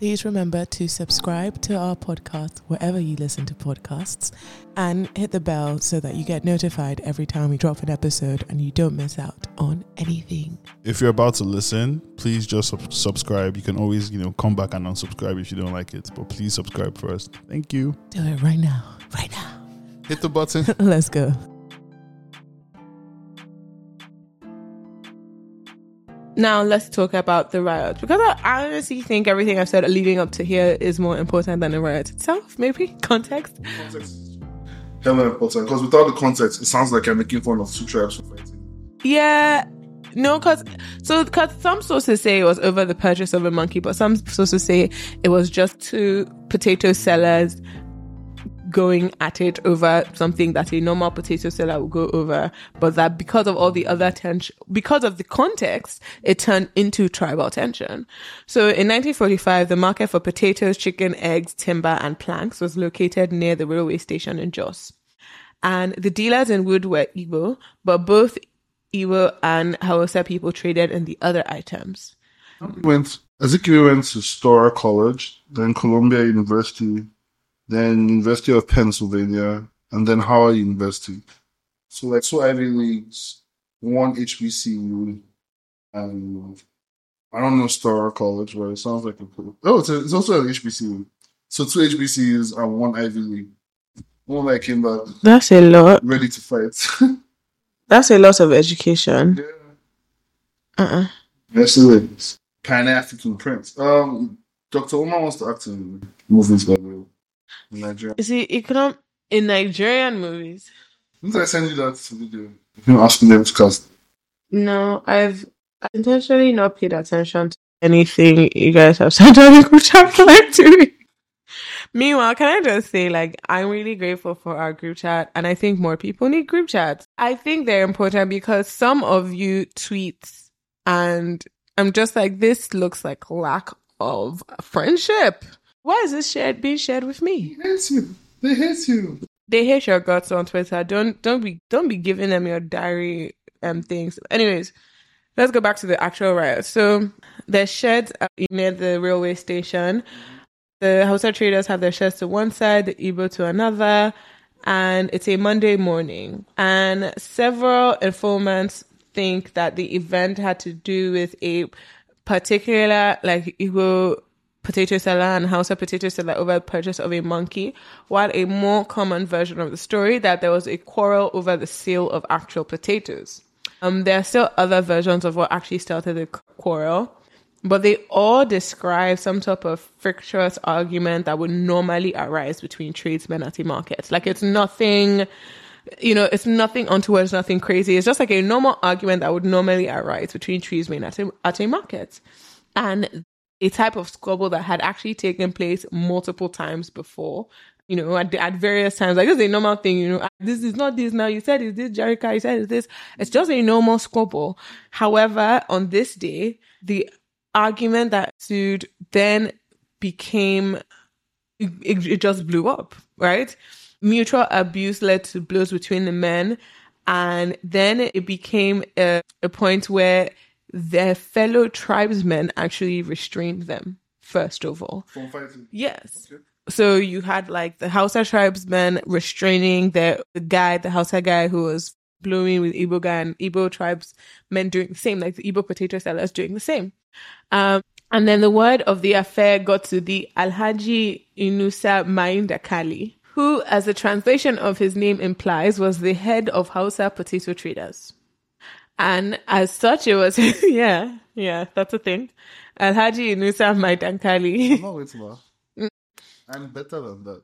Please remember to subscribe to our podcast wherever you listen to podcasts and hit the bell so that you get notified every time we drop an episode and you don't miss out on anything. If you're about to listen, please just sub- subscribe. You can always, you know, come back and unsubscribe if you don't like it, but please subscribe first. Thank you. Do it right now. Right now. Hit the button. Let's go. Now let's talk about the riot because I honestly think everything I've said leading up to here is more important than the riot itself. Maybe context. Context important because without the context, it sounds like I'm making fun of two tribes fighting. Yeah, no, because so because some sources say it was over the purchase of a monkey, but some sources say it was just two potato sellers going at it over something that a normal potato seller would go over, but that because of all the other tension, because of the context, it turned into tribal tension. So in 1945, the market for potatoes, chicken, eggs, timber, and planks was located near the railway station in Jos. And the dealers in wood were Igbo, but both Igbo and Hausa people traded in the other items. Went, Ezekiel went to Stora College, then Columbia University, then University of Pennsylvania, and then Howard University. So like two Ivy Leagues, one HBCU, and I don't know Star College, but it sounds like a cool. Oh, it's, a, it's also an HBCU. So two HBCUs and one Ivy League. One that came back. That's a lot. Ready to fight. That's a lot of education. Yeah. Uh uh-uh. uh Yes, it is. Pan African Prince. Um, Dr. Omar wants to act in movies, by the way. Nigeria. You see, it come in Nigerian movies. Didn't I send you that video? You asking them to cast. No, I've intentionally not paid attention to anything you guys have said on the group chat for like to me. Meanwhile, can I just say, like, I'm really grateful for our group chat, and I think more people need group chats. I think they're important because some of you tweets, and I'm just like, this looks like lack of friendship. Why is this shared being shared with me? They hate you. They hate you. They hate your guts on Twitter. Don't don't be don't be giving them your diary um things. Anyways, let's go back to the actual riot. So the sheds near the railway station. The Hausa traders have their sheds to one side, the Igbo to another, and it's a Monday morning. And several informants think that the event had to do with a particular like Igbo potato seller and a potato seller over the purchase of a monkey, while a more common version of the story that there was a quarrel over the sale of actual potatoes. Um, there are still other versions of what actually started the quarrel, but they all describe some type of frictious argument that would normally arise between tradesmen at a market. Like it's nothing, you know, it's nothing untoward, it's nothing crazy. It's just like a normal argument that would normally arise between tradesmen at a, at a market. And a type of squabble that had actually taken place multiple times before. You know, at, at various times, like it's a normal thing. You know, this is not this now. You said it's this, Jerica. You said it's this. It's just a normal squabble. However, on this day, the argument that ensued then became it, it, it just blew up, right? Mutual abuse led to blows between the men, and then it became a, a point where their fellow tribesmen actually restrained them first of all. From fighting. Yes. Okay. So you had like the Hausa tribesmen restraining the, the guy, the Hausa guy who was blooming with Ibo guy and Igbo tribesmen doing the same, like the Ibo potato sellers doing the same. Um, and then the word of the affair got to the Alhaji Inusa Maindakali, who, as the translation of his name implies, was the head of Hausa potato traders. And as such, it was, yeah, yeah, that's a thing. Al Haji Inusa might Ankali. No, it's more. Mm. I'm better than that.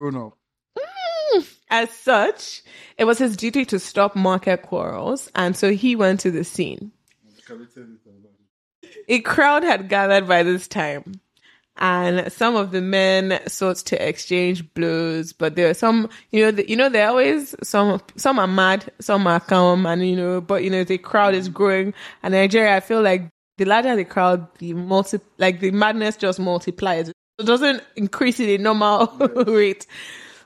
Bruno. Mm. As such, it was his duty to stop market quarrels, and so he went to the scene. A crowd had gathered by this time and some of the men sought to exchange blows, but there are some, you know, the, you know, they're always some, some are mad, some are calm, and you know, but you know, the crowd is growing, and Nigeria, I feel like the larger the crowd, the multi, like the madness just multiplies. It doesn't increase in a normal rate.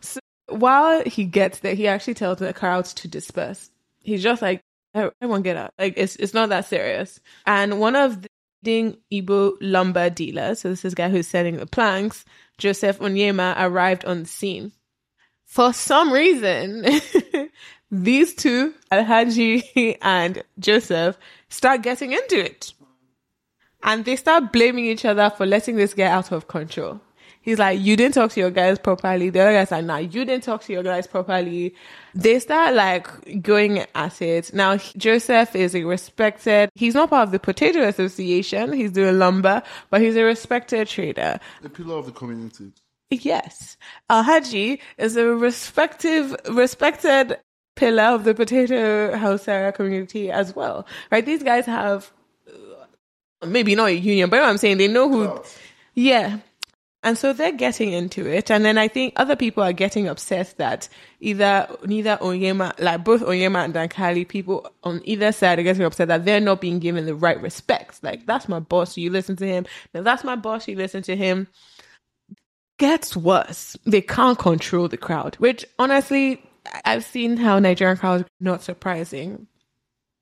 So while he gets there, he actually tells the crowds to disperse. He's just like, everyone get out. Like it's it's not that serious. And one of the leading Igbo lumber dealer, so this is guy who's selling the planks, Joseph Onyema, arrived on the scene. For some reason, these two, Alhaji and Joseph, start getting into it. And they start blaming each other for letting this get out of control. He's like, you didn't talk to your guys properly. The other guy's like, nah, you didn't talk to your guys properly. They start like going at it. Now, Joseph is a respected, he's not part of the Potato Association. He's doing lumber, but he's a respected trader. The pillar of the community. Yes. Alhaji is a respective, respected pillar of the potato house community as well, right? These guys have maybe not a union, but I'm saying they know who. Yeah, and so they're getting into it. And then I think other people are getting upset that either neither Onyema, like both Onyema and Dankali, people on either side are getting upset that they're not being given the right respect. Like, that's my boss, you listen to him. Now, that's my boss, you listen to him. Gets worse. They can't control the crowd, which honestly, I've seen how Nigerian crowds not surprising.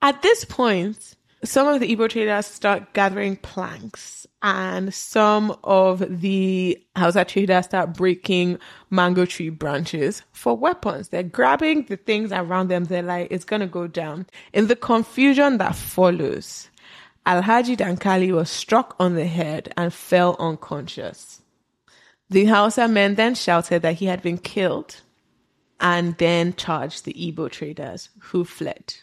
At this point, some of the Igbo traders start gathering planks and some of the Hausa traders start breaking mango tree branches for weapons. They're grabbing the things around them. They're like, it's going to go down. In the confusion that follows, Alhaji Dankali was struck on the head and fell unconscious. The Hausa men then shouted that he had been killed and then charged the Igbo traders who fled.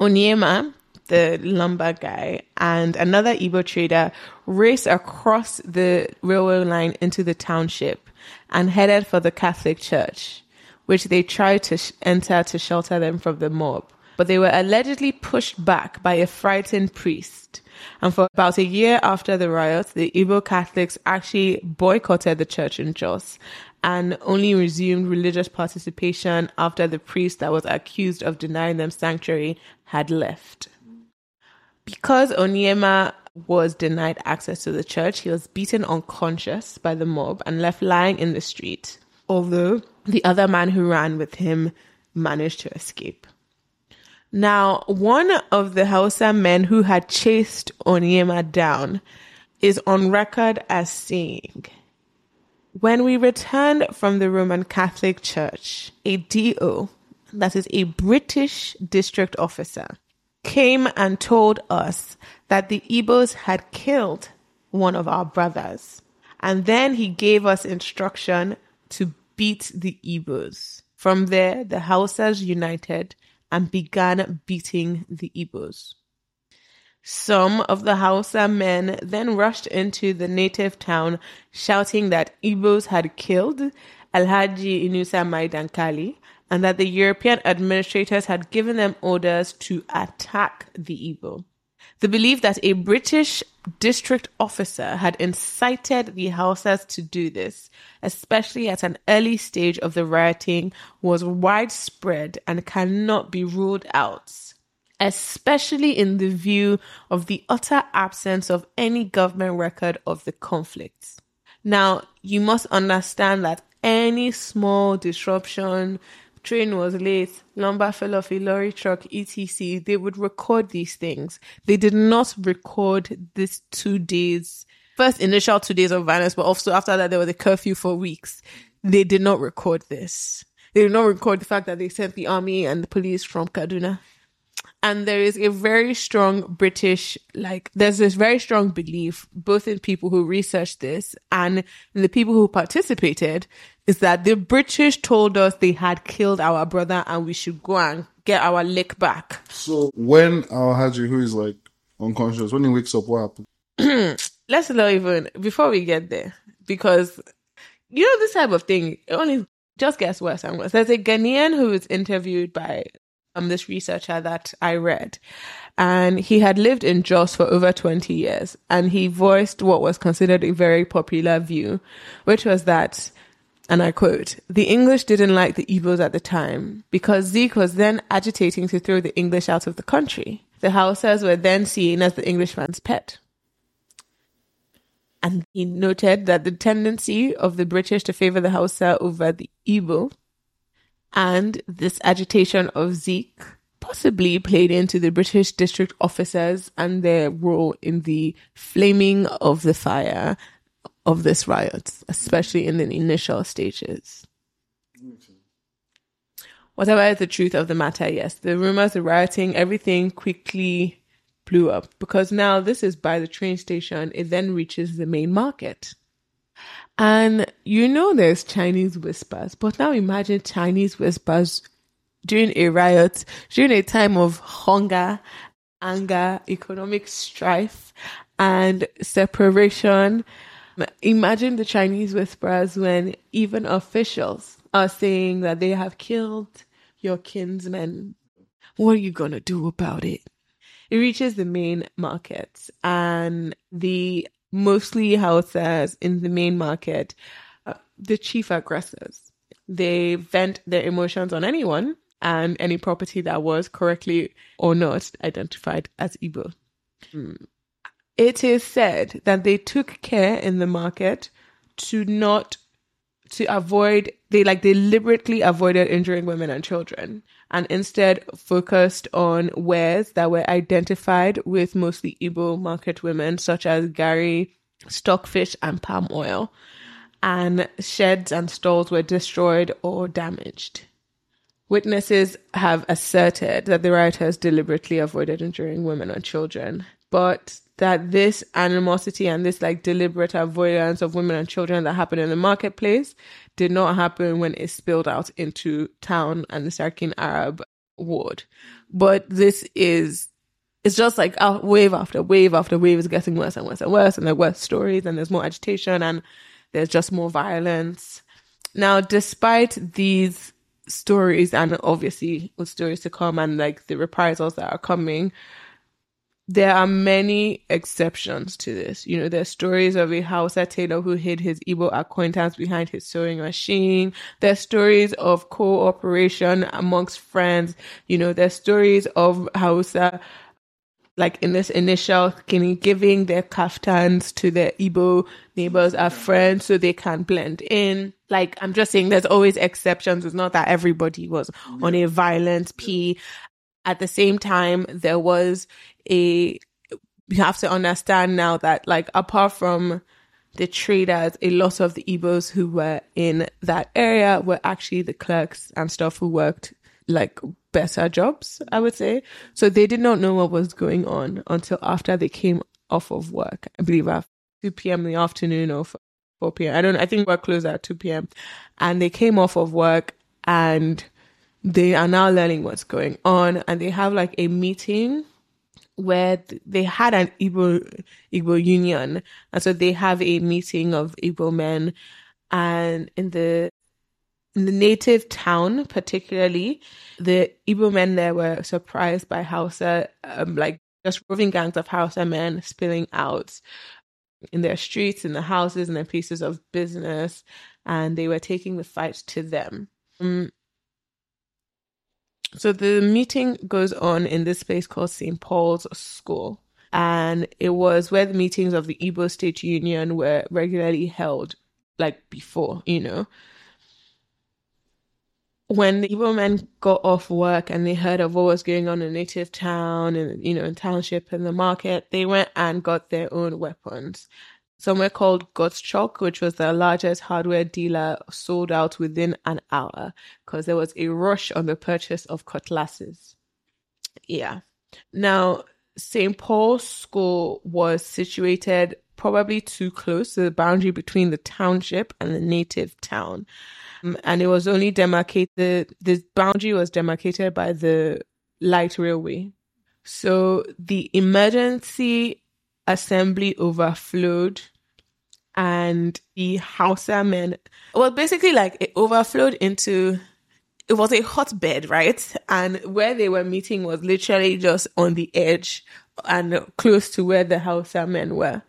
Onyema, the lumber guy, and another Ibo trader raced across the railway line into the township and headed for the Catholic Church, which they tried to sh- enter to shelter them from the mob. But they were allegedly pushed back by a frightened priest. And for about a year after the riots, the Ibo Catholics actually boycotted the church in Jos and only resumed religious participation after the priest that was accused of denying them sanctuary had left. Because Onyema was denied access to the church, he was beaten unconscious by the mob and left lying in the street, although the other man who ran with him managed to escape. Now, one of the Hausa men who had chased Onyema down is on record as saying, When we returned from the Roman Catholic Church, a DO, that is a British district officer, came and told us that the Igbos had killed one of our brothers. And then he gave us instruction to beat the Igbos. From there, the Hausas united and began beating the Igbos. Some of the Hausa men then rushed into the native town shouting that Igbos had killed Alhaji Inusa Maidankali and that the European administrators had given them orders to attack the Igbo. The belief that a British district officer had incited the Hausas to do this, especially at an early stage of the rioting, was widespread and cannot be ruled out, especially in the view of the utter absence of any government record of the conflict. Now, you must understand that any small disruption train was late, lumber fell off a lorry truck, etc. They would record these things. They did not record this two days, first initial two days of violence, but also after that, there was a curfew for weeks. They did not record this. They did not record the fact that they sent the army and the police from Kaduna and there is a very strong British, like, there's this very strong belief, both in people who researched this and the people who participated, is that the British told us they had killed our brother and we should go and get our lick back. So when our Haji, who is like unconscious, when he wakes up, what happens? Let's not even, before we get there, because you know, this type of thing, only just gets worse and worse. There's a Ghanaian who was interviewed by um, this researcher that I read. And he had lived in Jos for over 20 years. And he voiced what was considered a very popular view, which was that, and I quote, the English didn't like the Igbos at the time because Zeke was then agitating to throw the English out of the country. The Hausas were then seen as the Englishman's pet. And he noted that the tendency of the British to favor the Hausa over the Igbo and this agitation of Zeke possibly played into the British district officers and their role in the flaming of the fire of this riot, especially in the initial stages. Whatever is the truth of the matter, yes, the rumors, the rioting, everything quickly blew up because now this is by the train station. It then reaches the main market. And you know there's Chinese whispers, but now imagine Chinese whispers during a riot, during a time of hunger, anger, economic strife, and separation. Imagine the Chinese whispers when even officials are saying that they have killed your kinsmen. What are you going to do about it? It reaches the main markets and the mostly houses in the main market, uh, the chief aggressors. They vent their emotions on anyone and any property that was correctly or not identified as Igbo. Mm. It is said that they took care in the market to not to avoid they like deliberately avoided injuring women and children and instead focused on wares that were identified with mostly Igbo market women such as gari, stockfish and palm oil and sheds and stalls were destroyed or damaged. Witnesses have asserted that the rioters deliberately avoided injuring women and children, but that this animosity and this like deliberate avoidance of women and children that happened in the marketplace did not happen when it spilled out into town and the Sarkin Arab ward. But this is it's just like wave after wave after wave is getting worse and worse and worse, and there are worse stories, and there's more agitation, and there's just more violence. Now, despite these stories, and obviously with stories to come, and like the reprisals that are coming, there are many exceptions to this. You know, there's stories of a Hausa tailor who hid his Igbo acquaintance behind his sewing machine. There's stories of cooperation amongst friends. You know, there's stories of Hausa, like in this initial skinny, giving their kaftans to their Igbo neighbors or friends so they can blend in. Like, I'm just saying there's always exceptions. It's not that everybody was on a violent P at the same time, there was a, you have to understand now that, like, apart from the traders, a lot of the Igbos who were in that area were actually the clerks and stuff who worked like better jobs, I would say. So they did not know what was going on until after they came off of work, I believe at 2 p.m. in the afternoon or 4 p.m. I don't I think we're closed at 2 p.m. And they came off of work and they are now learning what's going on and they have like a meeting where they had an Igbo, Igbo union. And so they have a meeting of Igbo men and in the, in the native town, particularly, the Igbo men there were surprised by Hausa, um, like just roving gangs of Hausa men spilling out in their streets, in the houses, in their pieces of business, and they were taking the fight to them. Um, so the meeting goes on in this space called St. Paul's School. And it was where the meetings of the Igbo State Union were regularly held, like before, you know. When the Igbo men got off work and they heard of what was going on in native town and, you know, in township and the market, they went and got their own weapons Somewhere called Gottschalk, which was the largest hardware dealer, sold out within an hour because there was a rush on the purchase of cutlasses. Yeah. Now, St. Paul's School was situated probably too close to the boundary between the township and the native town. Mm, and it was only demarcated, this boundary was demarcated by the light railway. So the emergency assembly overflowed and the Hausa men, well, basically, like it overflowed into it was a hotbed, right? And where they were meeting was literally just on the edge and close to where the Hausa men were.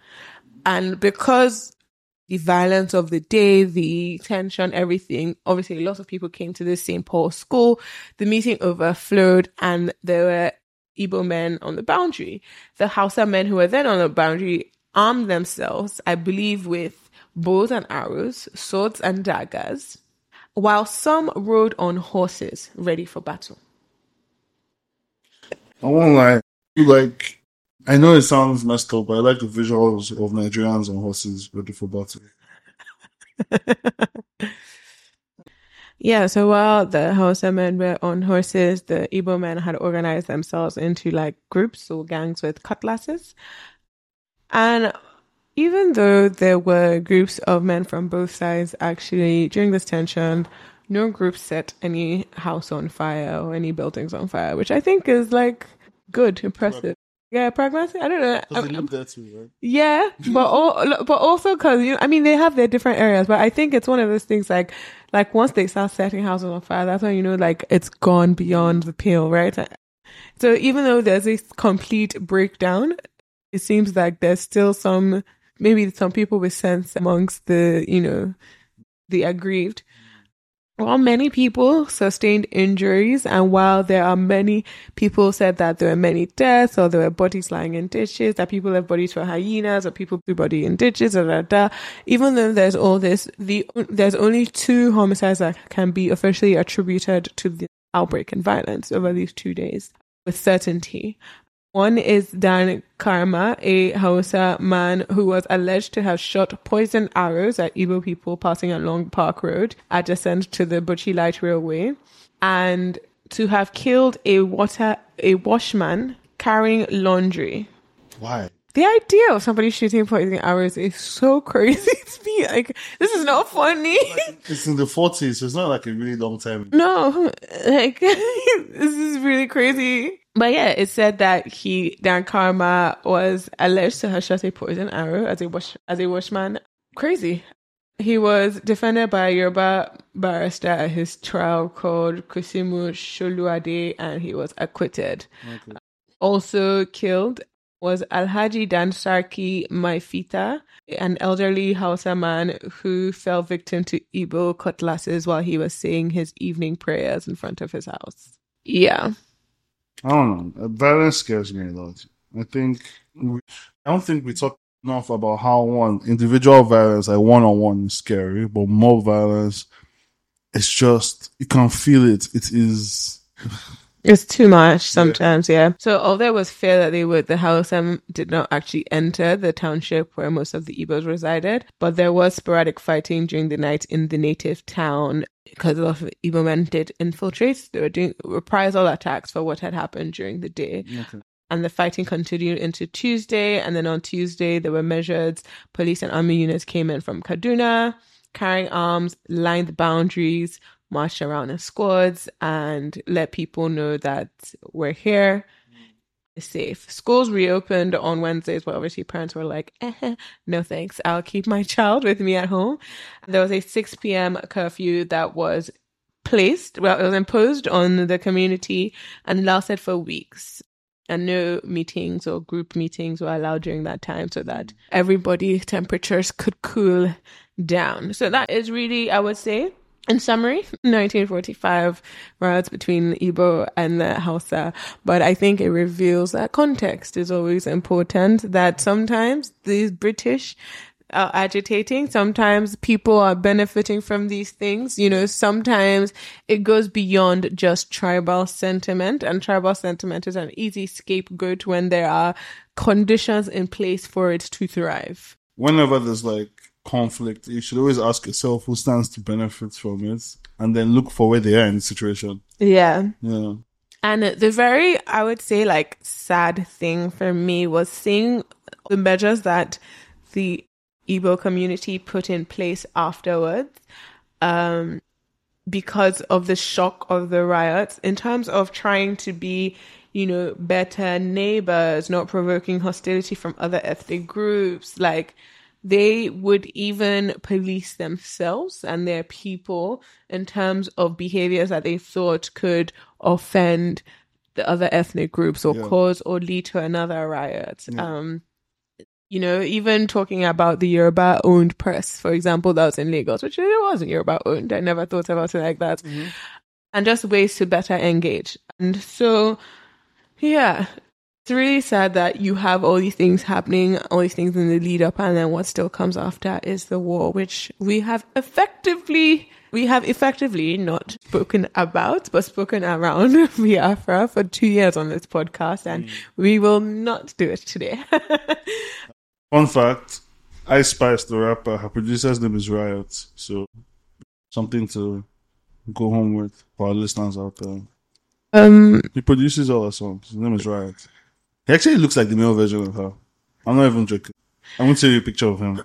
And because the violence of the day, the tension, everything, obviously, lots of people came to the St. Paul school. The meeting overflowed, and there were Ibo men on the boundary. The Hausa men who were then on the boundary armed themselves, I believe, with bows and arrows, swords and daggers, while some rode on horses ready for battle. I won't lie. Like, I know it sounds messed up, but I like the visuals of Nigerians on horses ready for battle. Yeah, so while the Hausa men were on horses, the Igbo men had organized themselves into like groups or gangs with cutlasses. And even though there were groups of men from both sides, actually, during this tension, no group set any house on fire or any buildings on fire, which I think is like good, impressive. Yeah, pragmatic. I don't know. Because they um, live there too, right? Yeah, but all, but also because you, I mean, they have their different areas, but I think it's one of those things like, like once they start setting houses on fire, that's when you know like it's gone beyond the pale, right? So even though there's this complete breakdown, it seems like there's still some maybe some people with sense amongst the you know the aggrieved while many people sustained injuries and while there are many people said that there were many deaths or there were bodies lying in ditches, that people left bodies for hyenas or people threw body in ditches, da, da, da. even though there's all this, the, there's only two homicides that can be officially attributed to the outbreak and violence over these two days with certainty. One is Dan Karma, a Hausa man who was alleged to have shot poison arrows at Igbo people passing along Park Road, adjacent to the Butchie Light Railway, and to have killed a water a washman carrying laundry. Why? the idea of somebody shooting poison arrows is so crazy to me. Like, this is not funny. It's in the 40s, so it's not like a really long time. No, like, this is really crazy. But yeah, it said that he, Dan Karma, was alleged to have shot a poison arrow as a, wash, as a washman. Crazy. He was defended by a Yoruba barrister at his trial called Kusimu Sholuade, and he was acquitted. Okay also killed was Alhaji Dansarki Maifita, an elderly Hausa man who fell victim to Igbo cutlasses while he was saying his evening prayers in front of his house. Yeah. I don't know. Uh, violence scares me a lot. I think we, I don't think we talk enough about how one individual violence, like one on one, is scary, but mob violence, it's just you can feel it. It is it's too much sometimes, yeah. yeah. So although it was fair that they were the Hausam did not actually enter the township where most of the Igbos resided, but there was sporadic fighting during the night in the native town because a lot of Igbo men did infiltrate. They were doing reprisal attacks for what had happened during the day. Okay and the fighting continued into Tuesday. And then on Tuesday, there were measures. Police and army units came in from Kaduna, carrying arms, lined the boundaries, march around in squads and let people know that we're here mm. safe. Schools reopened on Wednesdays, but obviously parents were like, eh, no thanks, I'll keep my child with me at home. There was a 6 p.m. curfew that was placed, well, it was imposed on the community and lasted for weeks. And no meetings or group meetings were allowed during that time so that mm. everybody temperatures could cool down. So that is really, I would say, in summary, 1945 riots between Igbo and the Hausa, but I think it reveals that context is always important, that sometimes these British are agitating. Sometimes people are benefiting from these things. You know, sometimes it goes beyond just tribal sentiment, and tribal sentiment is an easy scapegoat when there are conditions in place for it to thrive. Whenever there's like conflict, you should always ask yourself who stands to benefit from it and then look for where they are in the situation. Yeah. Yeah. And the very, I would say, like, sad thing for me was seeing the measures that the Igbo community put in place afterwards um, because of the shock of the riots in terms of trying to be, you know, better neighbors, not provoking hostility from other ethnic groups, like, they would even police themselves and their people in terms of behaviors that they thought could offend the other ethnic groups or yeah. cause or lead to another riot. Yeah. Um, you know, even talking about the Yoruba owned press, for example, that was in Lagos, which it wasn't Yoruba owned. I never thought about it like that. Mm-hmm. And just ways to better engage. And so, yeah, it's really sad that you have all these things happening, all these things in the lead up, and then what still comes after is the war, which we have effectively we have effectively not spoken about, but spoken around Biafra for two years on this podcast, and mm. we will not do it today. Fun fact Ice Spice, the rapper, her producer's name is Riot, so something to go home with for our listeners out there. Um, he produces all our songs. His name is Riot. He actually looks like the male version of her. I'm not even joking. I'm going to show you a picture of him.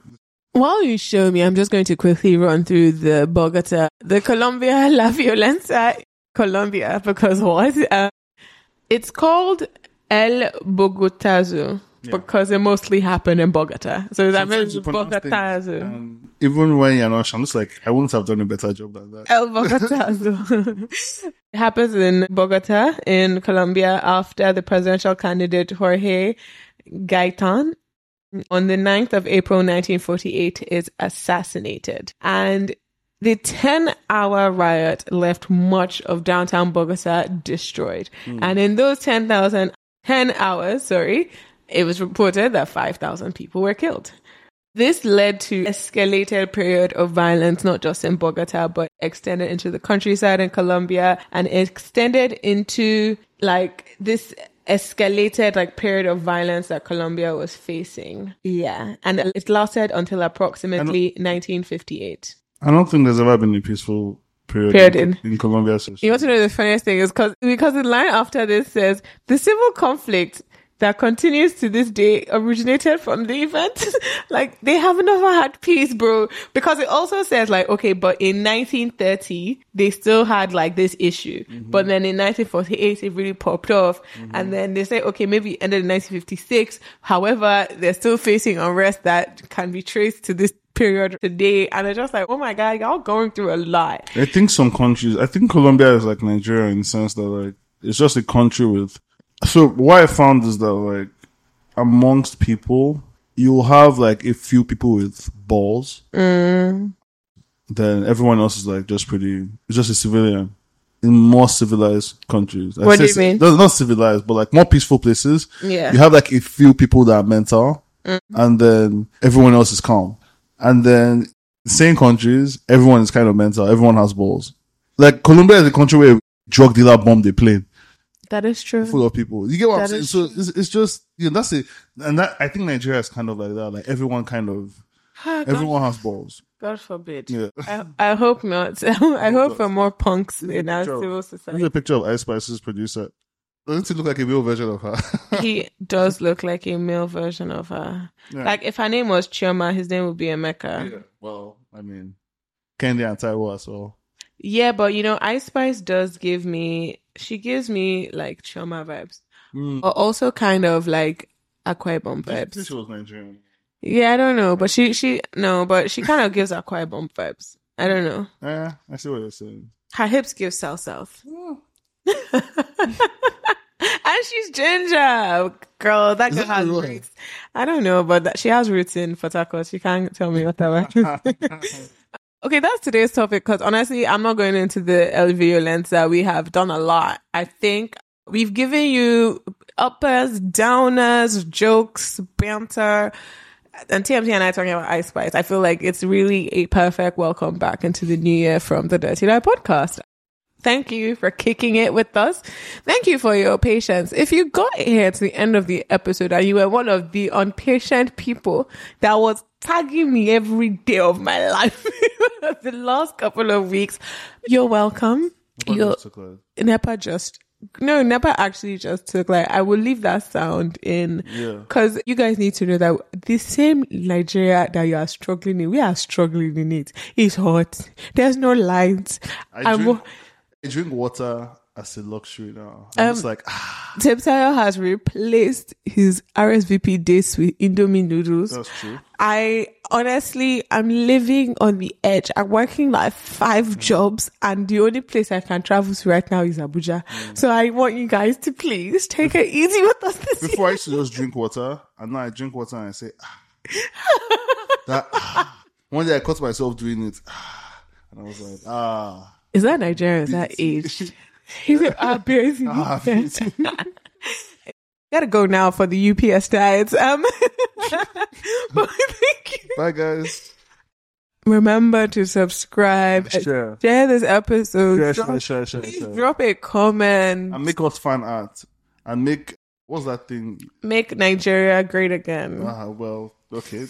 While you show me, I'm just going to quickly run through the Bogota, the Colombia La Violencia, Colombia, because what? Uh, it's called El Bogotazo yeah. because it mostly happened in Bogota. So that Sometimes means Bogota. Things, um, even when you're not I'm just like, I wouldn't have done a better job than that. El Bogota. it happens in Bogota, in Colombia, after the presidential candidate Jorge Gaitan on the 9th of April 1948 is assassinated. And the 10 hour riot left much of downtown Bogota destroyed. Mm. And in those 10,000, 10 hours, sorry, it was reported that 5,000 people were killed. This led to escalated period of violence, not just in Bogota, but extended into the countryside in Colombia and extended into like this escalated like period of violence that Colombia was facing. Yeah. And it lasted until approximately 1958. I don't think there's ever been a peaceful period, period in, in, in Colombia. You want to know the funniest thing is because because the line after this says the civil conflict that continues to this day originated from the event. like they haven't ever had peace, bro. Because it also says like, okay, but in 1930 they still had like this issue, mm-hmm. but then in 1948 it really popped off, mm-hmm. and then they say, okay, maybe it ended in 1956. However, they're still facing unrest that can be traced to this period today and they're just like oh my god y'all going through a lot i think some countries i think colombia is like nigeria in the sense that like it's just a country with so what I found is that like amongst people, you'll have like a few people with balls. Mm. Then everyone else is like just pretty, just a civilian. In more civilized countries, I what do you mean? Not civilized, but like more peaceful places. Yeah, you have like a few people that are mental, mm. and then everyone else is calm. And then same countries, everyone is kind of mental. Everyone has balls. Like Colombia is a country where drug dealer bombed a plane. That is true. Full of people. You get what that I'm saying? So it's, it's, just you know that's it, and that I think Nigeria is kind of like that. Like everyone kind of everyone has balls. God forbid. Yeah. I, I hope not. I hope for more punks in our civil society. Look a picture of Ice Spice's producer. Doesn't he look like a male version of her? he does look like a male version of her. Yeah. Like if her name was Chioma, his name would be Emeka. Yeah. Well, I mean, Candy and Taiwo as well. Yeah, but you know, Ice Spice does give me she gives me like Choma vibes, mm. also kind of like Akwa Ibom vibes. She, she was Nigerian. Yeah, I don't know, but she she no, but she kind of gives Akwa Ibom vibes. I don't know. Yeah, I see what you're saying. Her hips give south south. Mm. and she's ginger, girl. That girl has roots. I don't know, but that, she has roots in tacos. She can't tell me what that Okay, that's today's topic because honestly, I'm not going into the LVO lens that we have done a lot. I think we've given you uppers, downers, jokes, banter, and TMT and I are talking about Ice Spice. I feel like it's really a perfect welcome back into the new year from the Dirty Die podcast. Thank you for kicking it with us. Thank you for your patience. If you got here to the end of the episode and you were one of the impatient people that was tagging me every day of my life the last couple of weeks, you're welcome. But you're, NEPA just no, Nepa actually just took like I will leave that sound in because yeah. you guys need to know that the same Nigeria that you are struggling in, we are struggling in it. It's hot. There's no lights. I, drink, drink water as a luxury now. I'm um, like, ah. Teptayo has replaced his RSVP dates with Indomie noodles. That's true. I honestly, I'm living on the edge. I'm working like five mm. jobs, and the only place I can travel to right now is Abuja. Mm. So I want you guys to please take it easy with us this Before year. I used to just drink water, and now I drink water and I say, ah. that, ah. one day I caught myself doing it, ah. and I was like, ah. Is that Nigeria? Is that age? He said, "Ah, Gotta go now for the UPS diets. Um, thank you. Bye, guys. Remember to subscribe, share, share this episode. Share, drop, share, share, share, please drop a comment and make us fan art and make what's that thing? Make Nigeria great again. Ah, well, okay.